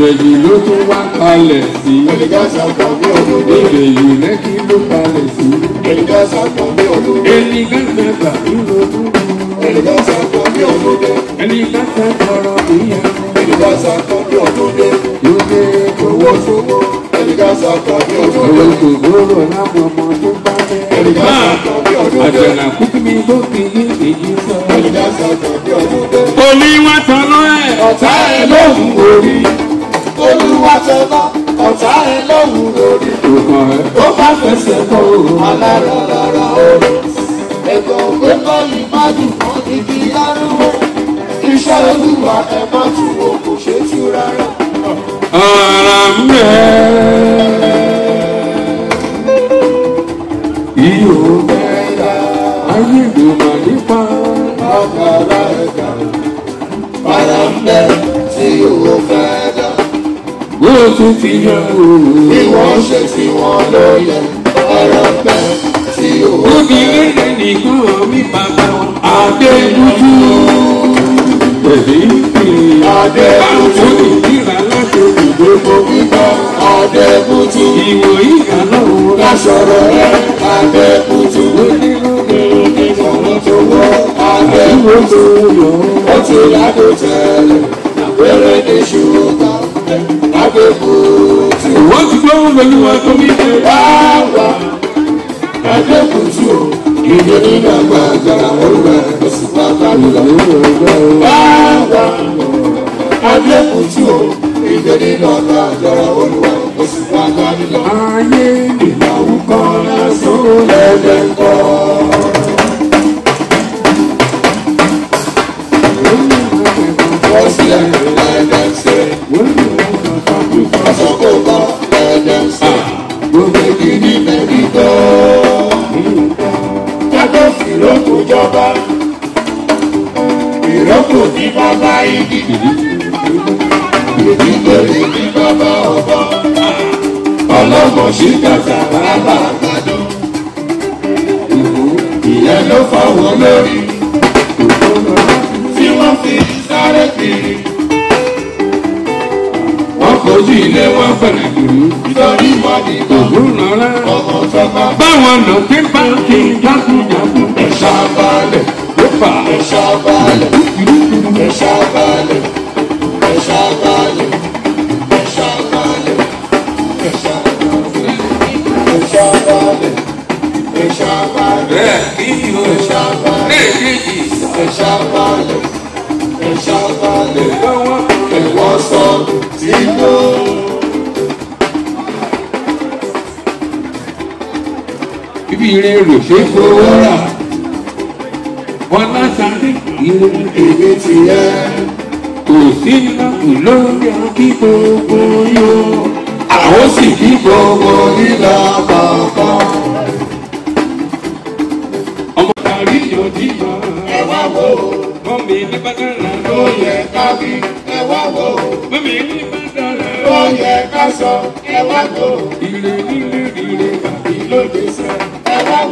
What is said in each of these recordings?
ìjẹ̀yìn ló tún wá kalẹ̀ sí. ìjẹ̀yìn lẹ́kì ló kalẹ̀ sí. ẹni lẹ́sẹ̀ta nínú ọdún. ẹni lẹ́sẹ̀ tọrọ ìyá. lóde owó ṣòwò. Owó ìṣòwò làwọn ọmọ tó bá fẹ́. Máa àjànà kúkú mi lókè ní èyí sọ. Olúwa tọ́lọ́ ẹ̀ ọ̀tá ẹ̀ lóhùn orí wá jọba ọ̀tá ẹ lọ́wọ́ lórí tó bá fẹsẹ̀ kọ́ alárọ̀rọ̀rọ̀ ẹ̀kọ́ òwe bọ́ọ̀lù má dùn mọ́ ibi arúgbó iṣẹ́ olúwa ẹ̀ má tún wò kò ṣe é tú rárá. tún fi hàn bí wọ́n ṣe fi wọ́n lọ́lẹ̀ ọ̀rọ̀ pẹ́ tí ó wà. obìnrin rẹ̀ nìkan orí bàbá wọn. adé dúdú. bèbí adé dúdú. báwo ni ìlà láti òkùnkùn gbogbo gbígbọ́ adé dúdú. ìwò ìyá lọ́wọ́ lásọ̀rọ̀ rẹ̀ adé dúdú. onírúurú ìfọwọ́sowọ́ adé dúdú. ó ti yàgò tẹ̀lé. Adékùtù. Wọ́n ti gbọ́ wọn pẹ̀lú wọn tó ní ṣe. Báwa Adékùtù ìdè nínú àgbà àgbàrá wọn lù ẹ̀kọ́ sí pápá nílò. Báwa. ní bèbí tó jágòsì ló kó jọba ìrókò ní bàbá igi bèbí tó lè ní bàbá ọba ọlọ́mọ sí kàtà bàbá àgbàdo ìyẹn ló fọwọ́ lórí tí wọ́n fi. ilé wọn pẹ̀lú ìlú. Ìtọ́jú wọn ti kọ̀. Òwúrò rẹ̀. Ọkọ̀ sọ́kọ̀. Báwọn lọ sí báńkì jákujàku. Ẹ̀ṣá balẹ̀. Wípà. Ẹ̀ṣá balẹ̀. Ẹ̀ṣá balẹ̀. Ẹ̀ṣá balẹ̀. Ẹ̀ṣá balẹ̀. Ẹ̀ṣá balẹ̀. Ẹ̀ṣá balẹ̀. Ẹ̀ṣá balẹ̀. Ẹ̀ṣá balẹ̀. Ẹ̀ṣá balẹ̀. ibi ire rò ṣe fowó rà ọlá sáré ire èmi ti yẹ kò sí lọ́kùn lórí akíkòókò yóò àwọn sì kí gbogbo nílà bàbá. ọmọ kàrí yọjí yọ ẹ wá wò ó mọ̀mí ní bàtàlà ló yẹ ká wí ẹ wá wò ó mọ̀mí ní bàtàlà ló yẹ ká sọ ẹ wá wò ó ire nílé ire tàbí lóde.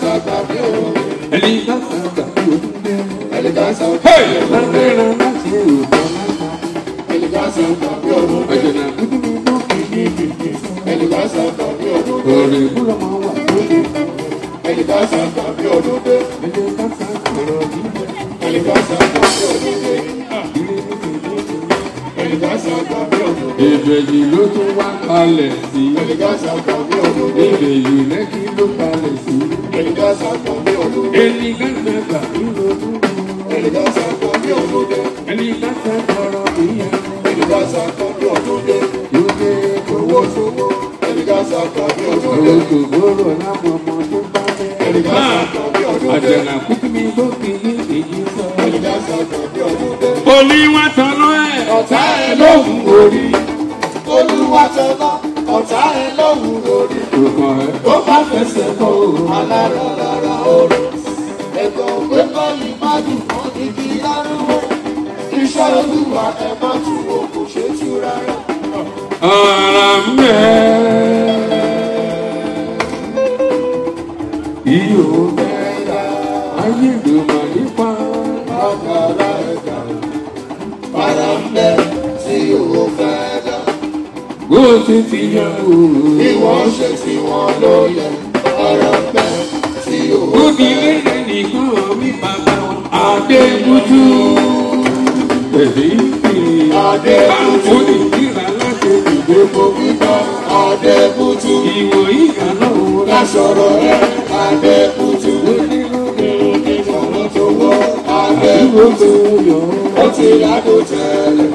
sàgbà mí ìbejì ló tún wá palẹ̀ sí. ìbejì lẹ́kì ló palẹ̀ sí. ẹni gbàgbà gbàgbà ló tún kú. ẹni gbàgbà kọ̀rọ̀ ìyá. lókè owó sówó. owó kòkòrò láwọn ọmọ tó bá fẹ́. àjànà kúkú mi ló fi ní èyí sọ. olú wa tán lọ́ ẹ̀ ọ̀tá ẹ̀ ló ń gorí jọba ọ̀tá ẹ lọ́wọ́ orí tó bá fẹsẹ̀ kọ́ alára lára orí ẹ̀kọ́ báyìí má dùn mọ́ ibi lárúwọ́ iṣẹ́ olúwa ẹ má tún wo kò ṣe tú rárá. ara ń bẹ iyọ̀ bẹ́ẹ̀ ayé ló. bó ti fi yan òru. bí wọ́n ṣe fi wọn lólè ọ̀rọ̀ pẹ́ tí ó. obìnrin rẹ̀ nìkan mi bàbá wọn. adébútú. bẹ̀bí fi. adébútú. báwo ni ìlà láti dìde mo gbígbọ́. adébútú. ìwọ̀n ìyá náà wọ́n. rẹ̀ adébútú. onírúurú ni ìfọwọ́sowọ́ adébútú. ó ti yàgò tẹ́lẹ̀.